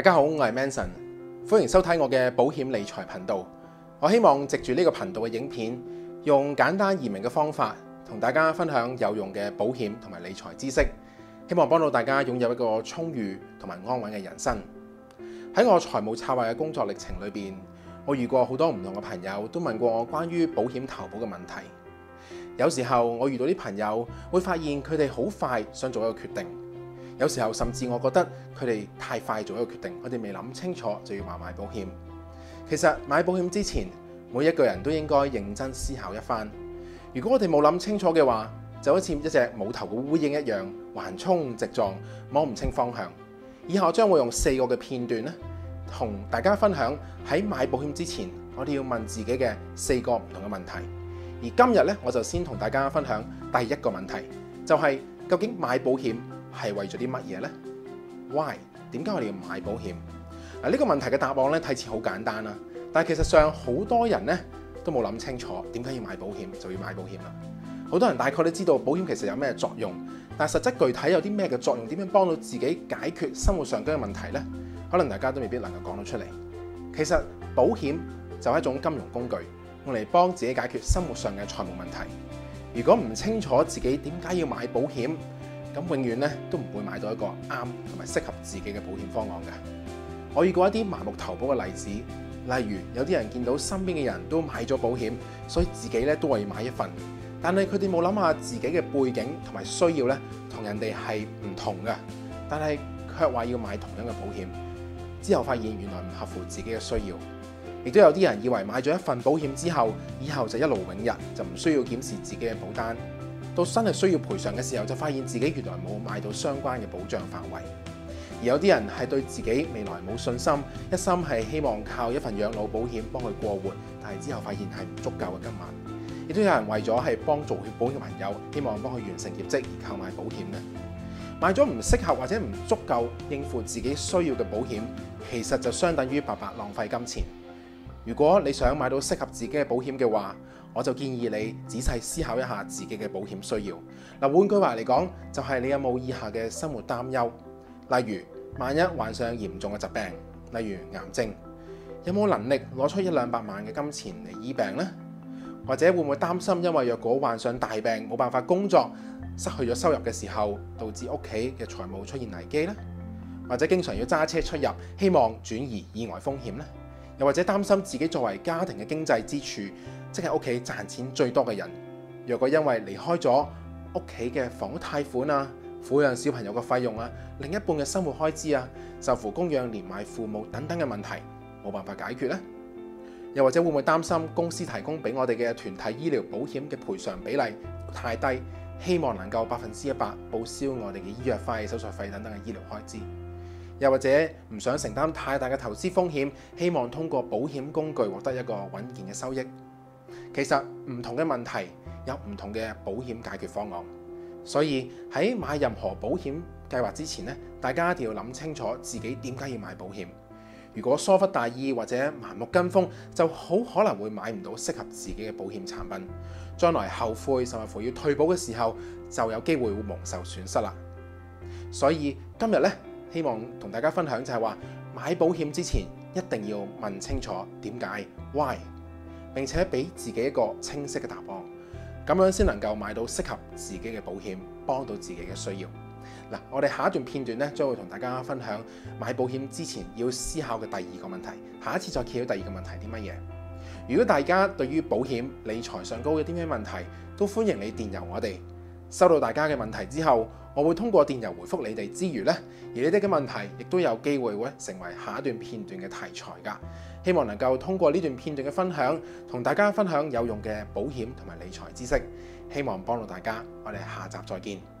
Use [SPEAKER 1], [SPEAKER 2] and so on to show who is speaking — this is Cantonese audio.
[SPEAKER 1] 大家好，我係 Manson，歡迎收睇我嘅保險理財頻道。我希望藉住呢個頻道嘅影片，用簡單易明嘅方法，同大家分享有用嘅保險同埋理財知識，希望幫到大家擁有一個充裕同埋安穩嘅人生。喺我財務策劃嘅工作歷程裏邊，我遇過好多唔同嘅朋友，都問過我關於保險投保嘅問題。有時候我遇到啲朋友，會發現佢哋好快想做一個決定。有時候，甚至我覺得佢哋太快做一個決定，我哋未諗清楚就要話買保險。其實買保險之前，每一個人都應該認真思考一番。如果我哋冇諗清楚嘅話，就好似一隻冇頭嘅烏蠅一樣，橫衝直撞，摸唔清方向。以後我將會用四個嘅片段咧，同大家分享喺買保險之前，我哋要問自己嘅四個唔同嘅問題。而今日咧，我就先同大家分享第一個問題，就係究竟買保險，係為咗啲乜嘢呢？Why？點解我哋要買保險？嗱，呢個問題嘅答案咧睇似好簡單啦，但係其實上好多人咧都冇諗清楚點解要買保險就要買保險啦。好多人大概都知道保險其實有咩作用，但係實質具體有啲咩嘅作用，點樣幫到自己解決生活上嘅問題呢？可能大家都未必能夠講到出嚟。其實保險就係一種金融工具，用嚟幫自己解決生活上嘅財務問題。如果唔清楚自己點解要買保險，咁永遠咧都唔會買到一個啱同埋適合自己嘅保險方案嘅。我遇過一啲盲目投保嘅例子，例如有啲人見到身邊嘅人都買咗保險，所以自己咧都會買一份。但係佢哋冇諗下自己嘅背景同埋需要咧，同人哋係唔同嘅。但係卻話要買同樣嘅保險，之後發現原來唔合乎自己嘅需要。亦都有啲人以為買咗一份保險之後，以後就一勞永逸就唔需要檢視自己嘅保單。到真係需要賠償嘅時候，就發現自己原來冇買到相關嘅保障範圍。而有啲人係對自己未來冇信心，一心係希望靠一份養老保險幫佢過活，但係之後發現係唔足夠嘅金額。亦都有人為咗係幫助佢保險嘅朋友，希望幫佢完成業績而購買保險嘅，買咗唔適合或者唔足夠應付自己需要嘅保險，其實就相等於白白浪費金錢。如果你想買到適合自己嘅保險嘅話，我就建議你仔細思考一下自己嘅保險需要。嗱，換句話嚟講，就係你有冇以下嘅生活擔憂？例如，萬一患上嚴重嘅疾病，例如癌症，有冇能力攞出一兩百萬嘅金錢嚟醫病呢？或者會唔會擔心，因為若果患上大病冇辦法工作，失去咗收入嘅時候，導致屋企嘅財務出現危機呢？或者經常要揸車出入，希望轉移意外風險呢？又或者擔心自己作為家庭嘅經濟支柱，即係屋企賺錢最多嘅人，若果因為離開咗屋企嘅房屋貸款啊、撫養小朋友嘅費用啊、另一半嘅生活開支啊、就乎供養連埋父母等等嘅問題，冇辦法解決呢？又或者會唔會擔心公司提供俾我哋嘅團體醫療保險嘅賠償比例太低，希望能夠百分之一百報銷我哋嘅醫藥費、手術費等等嘅醫療開支？又或者唔想承擔太大嘅投資風險，希望通過保險工具獲得一個穩健嘅收益。其實唔同嘅問題有唔同嘅保險解決方案，所以喺買任何保險計劃之前咧，大家一定要諗清楚自己點解要買保險。如果疏忽大意或者盲目跟風，就好可能會買唔到適合自己嘅保險產品，將來後悔甚至乎要退保嘅時候就有機會會蒙受損失啦。所以今日咧，希望同大家分享就係話，買保險之前一定要問清楚點解 Why，並且俾自己一個清晰嘅答案，咁樣先能夠買到適合自己嘅保險，幫到自己嘅需要。嗱，我哋下一段片段咧，將會同大家分享買保險之前要思考嘅第二個問題。下一次再揭曉第二個問題啲乜嘢。如果大家對於保險理財上高嘅啲咩問題，都歡迎你電郵我哋。收到大家嘅問題之後，我會通過電郵回覆你哋之餘咧，而你哋嘅問題亦都有機會會成為下一段片段嘅題材㗎。希望能夠通過呢段片段嘅分享，同大家分享有用嘅保險同埋理財知識，希望幫到大家。我哋下集再見。